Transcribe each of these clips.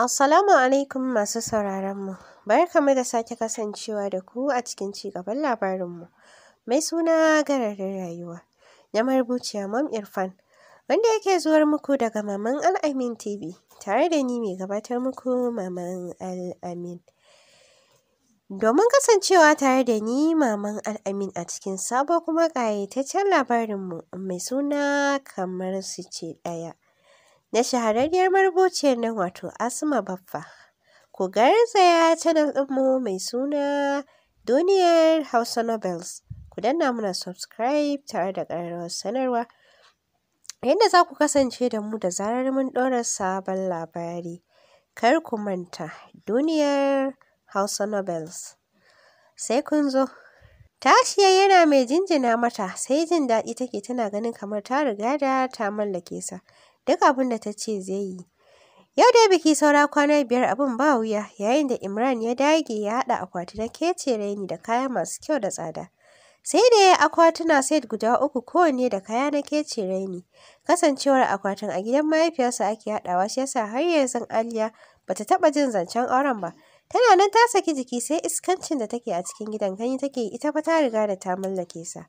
Assalamu alaikum masu sauraronmu. Barkamu da sake kasancewa da ku a cikin cigaban labarinmu. Mai suna gararin rayuwa, na marubuciya Mam Irfan, wanda yake zuwar muku daga Maman Al'amin TV, tare da ni mai gabatar muku Maman Al'amin. Domin kasancewa tare da ni Maman Al'amin a cikin sabo kuma ƙayataccen labarinmu mai suna kamar su ce ɗaya. na shahararriyar marubuciyar nan wato Asma Baffa. Ku garzaya canal ɗinmu mai suna Duniyar Hausa Nobels Ku danna muna subscribe tare da ƙararrawar sanarwa. Yadda za ku kasance da mu da zarar mun ɗora sabon labari. Kar ku manta Duniyar Hausa Nobels. Sai kun zo. Tashiya yana mai jinjina mata sai jin daɗi take tana ganin kamar ta riga da ta mallake sa. duk abin da ta ce zai yi. Yau dai biki saura kwana biyar abin ba wuya yayin da Imran ya dage ya haɗa akwati na kece raini da kaya masu kyau da tsada. Sai da ya akwatuna said guda uku kowanne da kaya na kece raini. Kasancewar akwatin a gidan mahaifiyarsa ake haɗawa shi yasa har yanzu Aliya bata taɓa jin zancen auren ba. Tana nan ta saki jiki sai iskancin da take a cikin gidan gani take ita fa ta riga da ta mallake sa.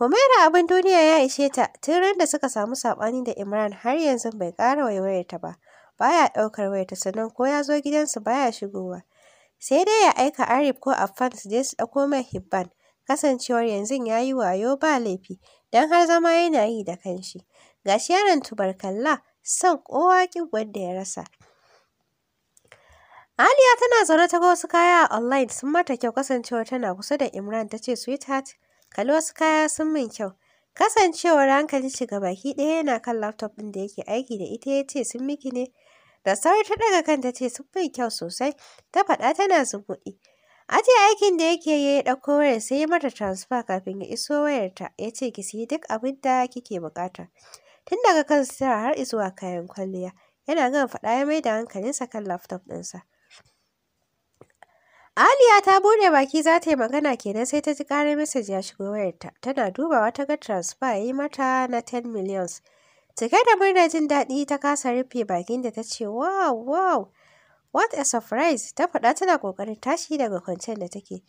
Humaira abin duniya ya ishe ta tun ran da suka samu saɓani da Imran har yanzu bai ƙara ta ba. Baya ɗaukar ta sannan ko ya zo gidansu baya shigowa. Sai dai ya aika Arif ko Affan su je su ɗauko mai Hibban. Kasancewar yanzu ya yi wayo ba laifi don har zama yana yi da kanshi. ga shi yaron tubarkalla son kowa ƙin wanda ya rasa. Aliya tana zaune ta ga wasu kaya a online sun mata kyau kasancewar tana kusa da Imran ta ce sweetheart kalli wasu kaya sun min kyau. Kasancewar hankali shiga baki ɗaya yana kan laptop ɗin da yake aiki da ita ya ce sun miki ne. Da sauri ta ɗaga kanta ce sun min kyau sosai, ta faɗa tana zubuɗi. Aje aikin da yake yi ɗauko wayar sai ya mata transfer kafin ya iso wayarta ya ce ki siyi duk abin da kike buƙata. Tun daga kan sutura har izuwa kayan kwalliya. Yana gama faɗa ya maida hankalinsa kan laptop ɗinsa. Aliya ta bude baki za ta yi magana kenan sai ta ji ƙarar mesej ya shigo wayarta. Tana dubawa ta ga transfer ya yi mata na 10 millions. Cike da murnar jin daɗi ta kasa rufe bakin da ta ce wow wow what a surprise ta faɗa tana ƙoƙarin tashi daga kwancen da take.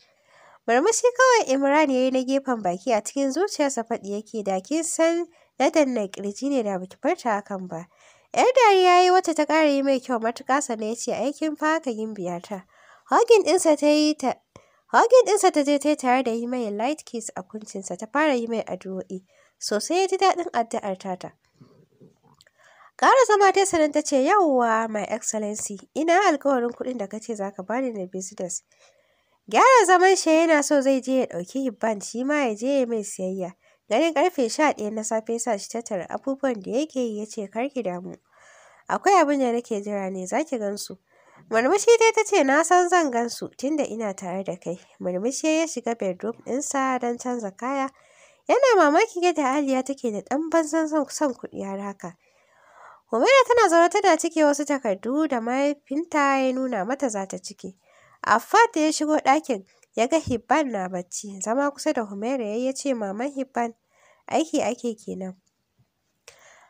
Murmushi kawai Imran ya yi na gefen baki a cikin zuciyarsa faɗi yake da kin san na danna ƙirji ne da baki farta hakan ba. ‘Yar dariya ya yi wata ta ƙara yi mai kyau matuƙa sannan ya ce aikin fa ka yin biyata. Hagin ɗinsa ta yi ta Hagin ɗinsa ta je tayi tare da yi mai light kiss a kuncinsa ta fara yi mai addu'o'i sosai ya ji daɗin addu'ar tata. Ƙara zama ta sanin ta ce yawwa my excellency ina alkawarin kuɗin da kace za ka bani na business. Gyara zaman shi yana so zai je ya ɗauki hibban shi ma ya je ya mai siyayya. Ganin ƙarfe sha ɗaya na safe sa shi tattara abubuwan da yake yi ya ce kar ki damu. Akwai abin da nake jira ne za ki gansu? Murmushi dai ta ce na san zan gansu tunda ina tare da kai. Murmushi ya shiga bedroom ɗinsa don canza kaya. Yana mamaki yadda Aliya take da ɗan banzan son kuɗi har haka. Humaira tana zaune tana cike wasu takardu da mahaifinta ya nuna mata za ta cike. Affat ya shigo ɗakin ya ga Hibban na bacci zama kusa da Humaira ya ce maman Hibban aiki ake kenan.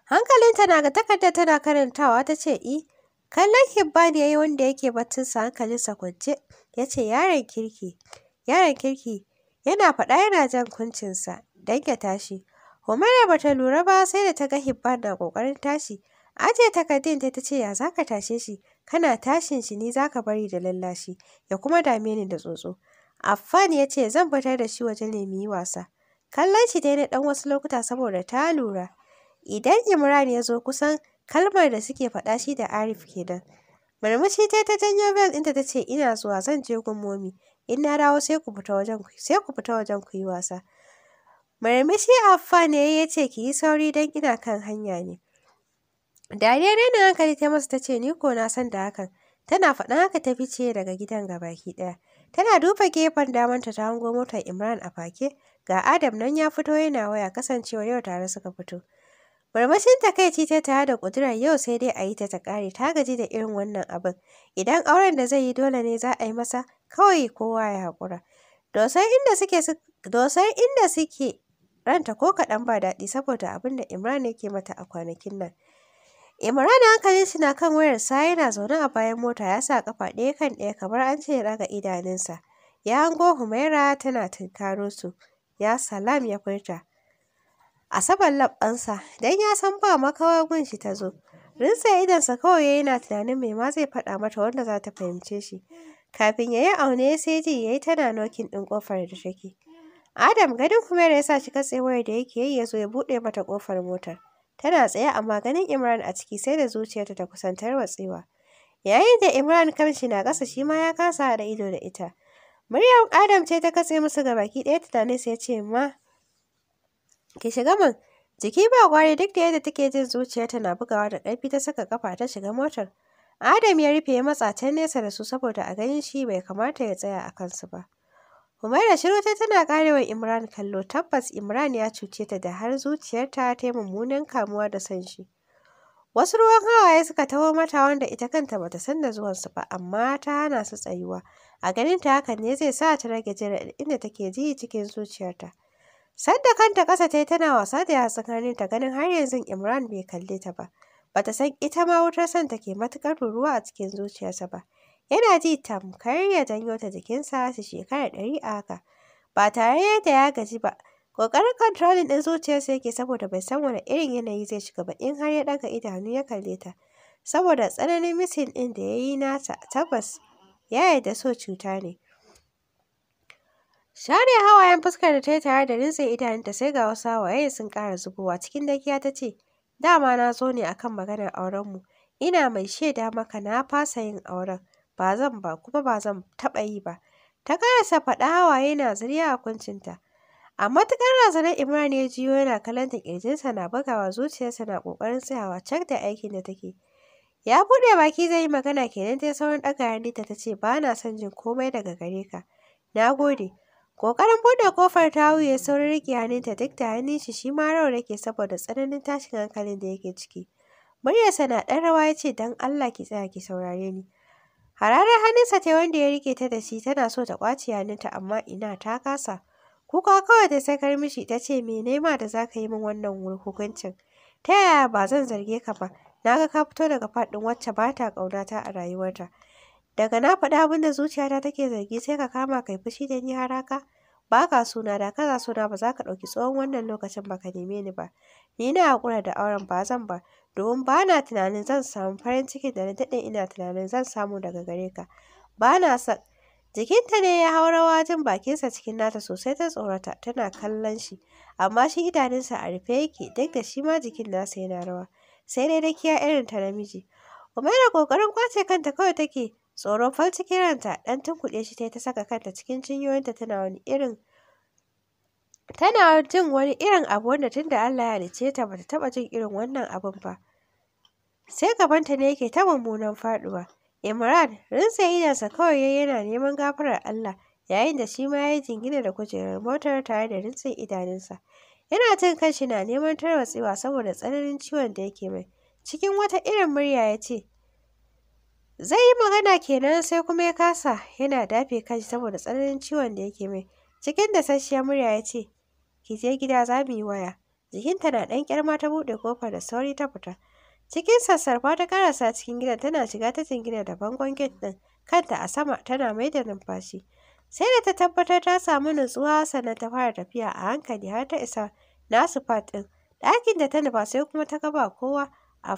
Hankalinta na ga takarda tana karantawa ta ce i eh, Kallon Hibban ya yi wanda yake batunsa hankalinsa kwance, ya ce yaron kirki, yaron kirki, yana faɗa yana jan kuncinsa don ya tashi. Humaira ba ta lura ba sai da ta ga Hibban na ƙoƙarin tashi. Aje takardun ta ta ce ya za ka tashe shi, kana tashin shi ni za ka bari da lallashi, ya kuma dame ni da tsotso. Affan ya ce zan fitar da shi waje ne mu yi wasa. Kallon shi dai na ɗan wasu lokuta saboda ta lura. Idan Imran ya zo kusan Kalmar da suke faɗa shi da Arif ke kenan. Marmashi ta ta janyo bel inda ta ce ina zuwa zan je gumomi In na dawo sai ku fita wajen ku sai ku fita wajen ku yi wasa. Marmashi affa ne ya ce ki yi sauri dan ina kan hanya ne. Dariya raina hankali ta masa ta ce ni ko na san da hakan. Tana faɗan haka ta fice daga gidan gabaki ɗaya. Tana duba gefen damanta ta hango motar Imran a fake. Ga Adam nan ya fito yana waya kasancewa yau tare suka fito. Murmushin takaici ta tare da ƙudurar yau sai dai a yi ta ta ƙare ta gaji da irin wannan abin. Idan auren da zai yi dole ne za a yi masa kawai kowa ya haƙura. Dosar inda suke dosar inda suke ranta ko kaɗan ba daɗi saboda abin da Imran yake mata a kwanakin nan. Imran hankalin shi na kan wayar sa yana zaune a bayan mota ya sa kafa ɗaya kan ɗaya kamar an ce ya ɗaga idanunsa. Ya hango Humaira tana tunkaro su. Ya salam ya furta. A asabar labbansa Dan ya san ba makawa gun shi ta zo. Rinsa idansa kawai ya yana tunanin mai ma zai faɗa mata wanda za ta fahimce shi. Kafin ya yi aune sai ji ya yi tana nokin ɗin ƙofar da take. Adam ganin kuma ya sa shi katsewar da yake yi ya zo ya buɗe mata ƙofar motar. Tana tsaye amma ganin Imran a ciki sai da zuciyarta ta kusantar watsewa. Yayin da Imran kamshi na ƙasa shi ma ya kasa da ido da ita. Muryar Adam ce ta katse musu ga baki ɗaya tunanin sai ya ce ma ki shiga mun jiki ba gwari duk da yadda take jin zuciyarta na bugawa da ƙarfi ta saka kafa ta shiga motar adam ya rufe ya matsa nesa da su saboda a ganin shi bai kamata ya tsaya a kansu ba Humaira ta tana karewa Imran kallo tabbas Imran ya cuce ta da har zuciyarta ta yi mummunan kamuwa da sanshi. shi. Wasu ruwan hawaye suka taho mata wanda ita kanta bata san da zuwansu ba amma ta hana su tsayuwa. A ganin ta hakan ne zai sa ta rage jira inda take ji cikin zuciyarta. Sadda kanta ƙasa ta yi tana wasa da yatsun ta ganin har yanzu Imran bai kalle ta ba. Bata san ita ma wutar son ke matuƙar ruruwa a cikin zuciyarsa ba. Yana ji tamkar ya janyo ta jikinsa su shekara ɗari a haka. Ba tare da ya gaji ba. kokarin kontrolin ɗin zuciyarsa yake saboda bai san wani irin yanayi zai shiga ba in har ya ɗaga idanu ya kalle ta. Saboda tsananin misin ɗin da ya yi nata tabbas ya yarda so cuta ne. Share hawayen fuskar da ta yi tare da rintse idanunta sai ga wasu hawaye sun kara zubowa cikin dakiya ta ce, Dama na zo ne akan maganar aurenmu, ina mai shaida maka na fasa yin auren, ba zan ba kuma ba zan taɓa yi ba. Ta karasa faɗa hawaye na zuriya a kuncinta. A matuƙar razanar Imran ya jiyo yana kalanta sa na bugawa zuciyarsa na ƙoƙarin tsayawa cak da aikin da take. Ya buɗe baki zai yi magana kenan ta sauran ɗaga hannunta ta ce ba na son jin komai daga gare ka. Na gode. Ƙoƙarin buɗe kofar ta wuya saurin riƙe hannunta duk da hannun shi shi ma rawar yake saboda tsananin tashin hankalin da yake ciki. Muryarsa na ɗan rawa ya ce don Allah ki tsaya ki saurare ni. Hararar hannunsa ta wanda ya rike ta da shi tana so ta ƙwace hannunta amma ina ta kasa. Kuka kawai da sakar mishi ta ce me nema da za ka yi min wannan hukuncin. Ta yaya ba zan zarge ka ba na ga ka fito daga faɗin wacce ba ta ƙaunata a rayuwarta. Daga na faɗi abin da zuciyata take zargi sai ka kama kai fushi da ni haraka? haka. Ba ka suna da kaza suna ba za ka ɗauki tsawon wannan lokacin ba ka neme ni ba. Ni na haƙura da auren ba zan ba domin ba na tunanin zan samu farin ciki da na daɗe ina tunanin zan samu daga gare ka. Ba na sa Jikinta ne ya hau rawa jin bakinsa cikin nata sosai ta tsorata tana kallon shi amma shi idaninsa a rufe yake duk da shi ma jikin nasa yana rawa sai dai dakiya irin ta namiji. yana ƙoƙarin kwace kanta kawai take Tsoron falci kiranta, ɗan tunkuɗe shi ta yi ta saka kanta cikin cinyoyinta tana wani irin tana jin wani irin abu wanda tun da Allah ya nace ta bata taɓa jin irin wannan abun ba. Sai gabanta ne yake ta mummunan faɗuwa. Imran rinsa idansa kawai yayi yana neman gafarar Allah yayin da shi ma ya jingina da kujerar motar tare da rintsin idanunsa. Yana jin kanshi na neman tarwatsewa saboda tsananin ciwon da yake mai. Cikin wata irin murya ya ce, Zai yi magana kenan sai kuma ya kasa yana dafe kanshi saboda tsananin ciwon da yake mai. Cikin da sashiya murya ya ce, Ki je gida za mu yi waya. Jikinta na ɗan ƙyarma ta buɗe kofar da sauri ta fita. Cikin sassarfa ta karasa cikin gidan tana shiga ta jingina da bangon gate ɗin kanta a sama tana mai da numfashi. Sai da ta tabbatar ta samu nutsuwa sannan ta fara tafiya a hankali har ta isa nasu fat ɗin. Ɗakin da ta nufa sai kuma ta ga ba kowa.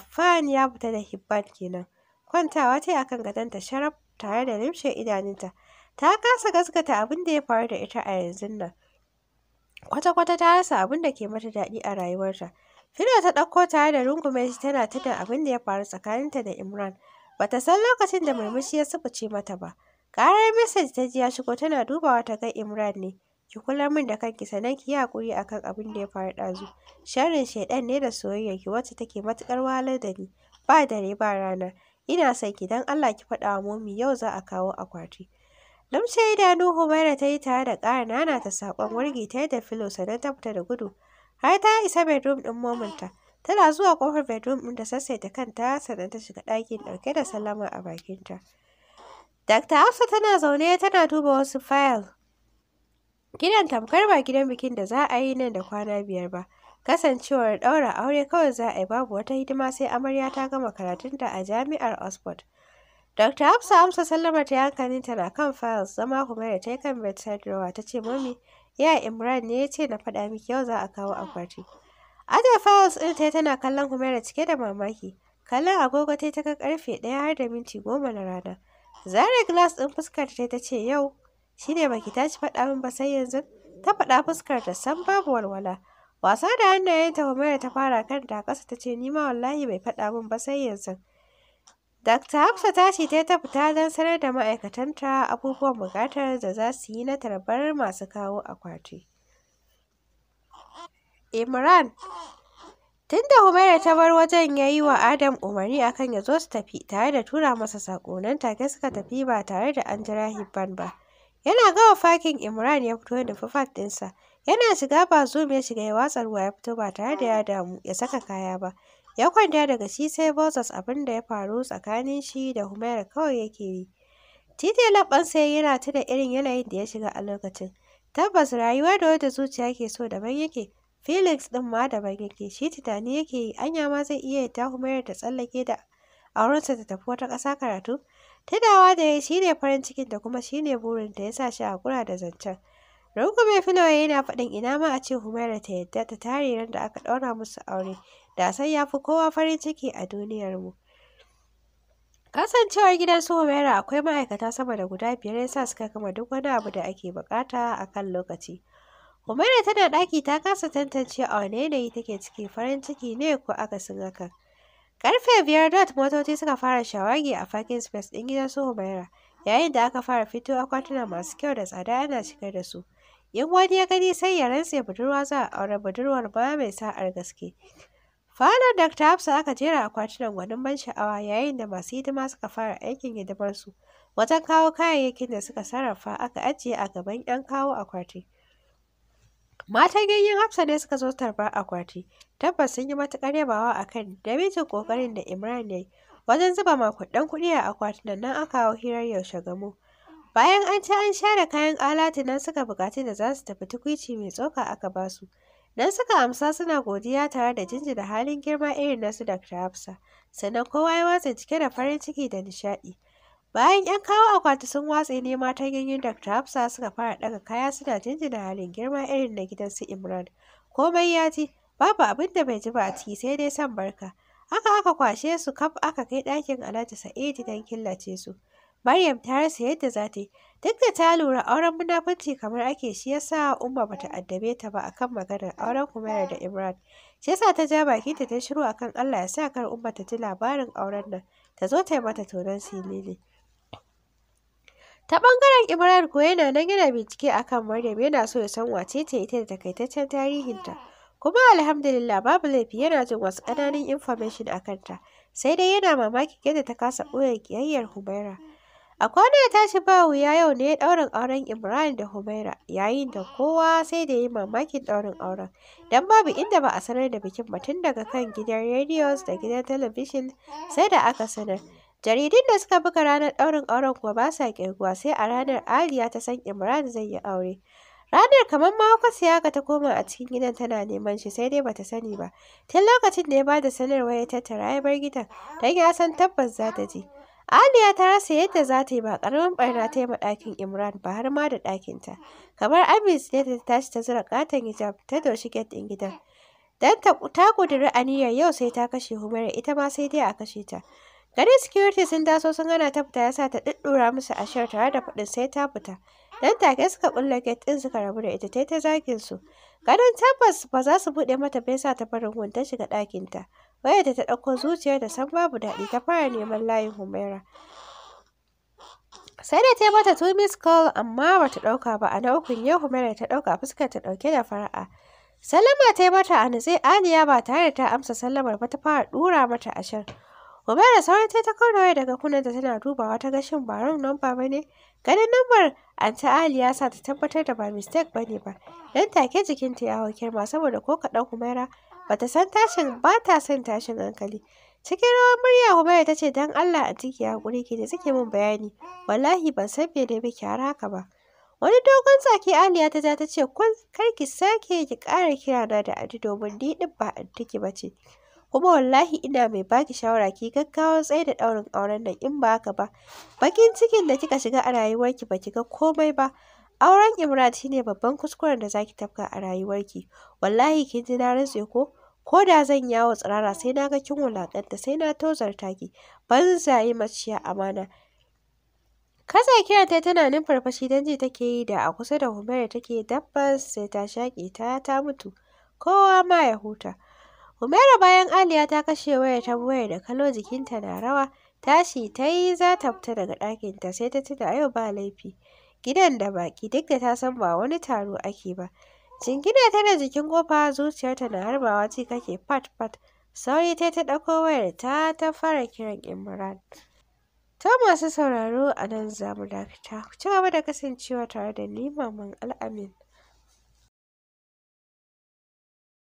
fan ya fita da Hibban kenan. Kwantawa ta yi a kan gadonta sharaf tare da limshe idanunta. Ta kasa gaskata abin da ya faru da ita a yanzu nan. Kwata-kwata ta rasa abin da ke mata daɗi a rayuwarta. Fina ta ɗauko tare da rungume shi tana tuna abin da ya faru tsakaninta da Imran. Bata san lokacin da murmushi ya subuce mata ba. Karar message ta ji ya shigo tana dubawa ta ga Imran ne. Ki kula min da kanki sannan ki yi hakuri akan abin da ya faru ɗazu. Sharin shaiɗan ne da soyayyarki wacce take matuƙar wahalar da ni. Ba dare ba rana. Ina son ki don Allah ki faɗa wa momi yau za a kawo akwati. Lamshe idanu Humaira ta yi tare da ƙara nana ta saƙon wargi ta da filo sannan ta fita da gudu. Har ta isa bedroom ɗin mominta. Tana zuwa ƙofar bedroom ɗin ta sassaita kanta sannan ta shiga ɗakin ɗauke da sallama a bakinta. Dr. Hafsa tana zaune tana duba wasu fayil. Gidan tamkar ba gidan bikin da za a yi nan da kwana biyar ba. Kasancewar ɗaura aure kawai za a yi babu wata hidima sai amarya ta gama karatun karatunta a Jami'ar Oxford. Dr. Hafsa amsa sallama ta yankani tana kan files zama Humaira ta yi kan bedside ta ce mami ya Imran ne ya ce na faɗa miki yau za a kawo akwati. ajiye files ɗin ta tana kallon Humaira cike da mamaki. Kallon agogo ta ta ga karfe ɗaya har da minti goma na rana. Zare glass ɗin fuskar ta ta ce yau shine baki ta ci faɗa min ba sai yanzu ta faɗa fuskar ta san babu walwala. wasa da hannayenta ya ta fara kanta kasa ta ce ni ma wallahi bai faɗa min ba sai yanzu. Dr. Hafsa ta ce ta ta fita don sanar da ma'aikatanta abubuwan buƙatar da za su yi na tarbar masu kawo akwati. Imran Tun da Humaira ta bar wajen ya yi wa Adam umarni akan ya zo su tafi tare da tura masa saƙo nan take suka tafi ba tare da an jira Hibban ba. Yana gama fakin Imran ya fito da fufat ɗinsa. Yana shiga ba zoom ya shiga ya watsa ruwa ya fito ba tare da ya damu ya saka kaya ba. Ya kwanta daga shi sai Bozos abin da ya faru tsakanin shi da Humaira kawai yake yi. Titi labban sai yana tuna irin yanayin da ya shiga a lokacin. Tabbas rayuwa da wadda zuciya ke so daban yake. Felix din ma daban yake shi tunani yake yi anya ma zai iya yadda Humaira ta tsallake da aurensa ta tafi wata ƙasa karatu. Tunawa da ya shine farin cikin da kuma shine burin da ya sa shi hakura da zancen. Rungume filawa yana faɗin ina ma a ce Humaira ta yadda ta tare ran da aka ɗaura musu aure, da san ya fi kowa farin ciki a duniyarmu. Kasancewar gidan su Humaira akwai ma'aikata sama da guda biyar yasa suka kama duk wani abu da ake buƙata a kan lokaci. Humaira tana ɗaki ta kasa tantance a wane yanayi take ciki farin ciki ne ko akasin hakan. Karfe biyar dot motoci suka fara shawagi a parking space ɗin gidan su Humaira, yayin da aka fara fito akwatuna masu kyau da tsada ana cike da su. yan wani ya gani sai ya rantse budurwa za a aure budurwar ba mai sa'ar gaske Falon Dr. Hafsa aka jera akwatunan gwanin ban sha'awa yayin da masu hidima suka fara aikin hidimar su wajen kawo kayayyakin da suka sarrafa aka ajiye a gaban 'yan kawo akwati. Matan ganyen Hafsa ne suka zo tarbar akwati, tabbas sun yi matuƙar yabawa a kan kokarin ƙoƙarin da Imran ne. wajen zuba makudan kuɗi a akwatunan nan aka kawo hirar yaushe gamo. Bayan an ci an share kayan alatu nan suka bukaci da za su tafi tukwici mai tsoka aka ba su. Nan suka amsa suna godiya tare da da halin girma irin nasu da Hafsa. Sannan kowa ya watsa cike da farin ciki da nishaɗi. Bayan 'yan kawo akwati sun watse ne matan ganyen da Hafsa suka fara ɗaga kaya suna da halin girma irin na gidan su Imran. Komai ya ji, babu abin da bai ji ba a ciki sai dai san barka. Haka aka kwashe su kaf aka kai ɗakin Alhaji Sa'idu don killace su. Maryam ta rasa yadda za ta yi. Duk da ta lura auren munafunci kamar ake shi yasa Umma bata addabe ta ba akan maganar auren Humaira da Imran. Shi yasa ta ja baki ta ta shiru akan Allah ya sa kar Umma ta ji labarin auren nan ta zo ta yi mata tonon silili. Ta ɓangaren Imran ko yana nan yana bincike akan Maryam yana so ya san wace ce ita da takaitaccen tarihinta. Kuma alhamdulillah babu laifi yana jin wasu ƙananan information akan ta. Sai dai yana mamaki yadda ta kasa ɓoye ƙiyayyar Humaira. A kwana ya tashi ba wuya yau ne ɗaurin auren Ibrahim da Humaira yayin da kowa sai da yi mamakin ɗaurin auren. Don babu inda ba a sanar da bikin ba tun daga kan gidan rediyo da gidan talabijin sai da aka sanar. Jaridun da suka buga ranar ɗaurin auren kuwa ba sa ƙirguwa sai a ranar Aliya ta san Imran zai yi aure. Ranar kamar mahaukar ka ta koma a cikin gidan tana neman shi sai dai bata sani ba. Tun lokacin da ya bada sanarwa ya tattara ya bar gidan don ya san tabbas za ta je. Aliya ta rasa yadda za ta yi ba ƙaramin ɓarna ta yi ma ɗakin Imran ba har ma da ɗakinta. Kamar Amis ne ta tashi ta zura ƙaton hijab ta doshi get ɗin gidan. Dan ta ƙudiri aniyar yau sai ta kashe Humaira ita ma sai dai a kashe ta. Garin security sun taso sun gana ta fita ya sa ta ɗuɗɗura musu ashar tare da faɗin sai ta fita. Dan take suka ƙulla get ɗin suka rabu da ita tai ta zagin su. Ganin tabbas ba za su buɗe mata bai sa ta barin gun ta shiga ɗakinta. da ta ɗauko zuciyar da san babu daɗi ta fara neman layin humaira sai da ta yi mata two miss call amma ba ta ɗauka ba a naukun ukun yau humaira ta ɗauka fuskar ta ɗauke da fara'a salama ta yi mata a nutse aliya ba tare da ta amsa sallamar ba ta fara ɗura mata a shan humaira sauran ta ta kauna daga kunanta tana dubawa ta ga shin ba wrong number ba ne ganin nambar anta ali ya sa ta tabbatar da ba mistake ba ne ba dan take jikinta ya hau kirma saboda ko ka kaɗan humaira bata san tashin ba ta son tashin hankali cikin rawar murya Humaira ta ce dan Allah a ciki hakuri ki da suke min bayani wallahi ban san me da miki har haka ba wani dogon tsaki Aliya ta ta ce kun kar ki sake ki ƙara kira na da Adi domin ni din ba ce. ce kuma wallahi ina mai baki shawara ki gaggawa tsaye da daurin auren nan in ba haka ba bakin cikin da kika shiga a rayuwarki ba ki ga komai ba Auren shi ne babban kuskuren da zaki tafka a rayuwarki. Wallahi kin ji na rantse ko? Ko da zan yawo tsirara sai na ga kin wulaƙanta sai na tozarta ki. Banzaye maciya amana. Kasa kira ta tana nufar fashi don ji take yi da a kusa da Humaira take dabbas sai ta shaƙe ta ta mutu. Kowa ma ya huta. Humaira bayan Aliya ta kashe waya ta waya da kalo jikinta na rawa. Tashi ta yi za ta fita daga ɗakinta sai ta tuna yau ba laifi. gidan da baki duk da ta san ba wani taro ake ba jingina tana jikin kofa zuciyarta na harbawa ci kake fat pat sauri ta ta ɗauko wayar ta ta fara kiran imran ta masu sauraro a nan za mu dakata ku ci gaba da kasancewa tare da ni al'amin